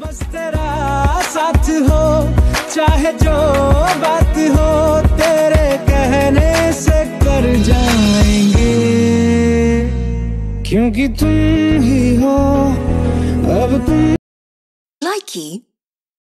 बस तेरा साथ हो चाहे जो बात हो तेरे कहने से कर जाएंगे क्योंकि तुम ही हो अब तुम लाइकी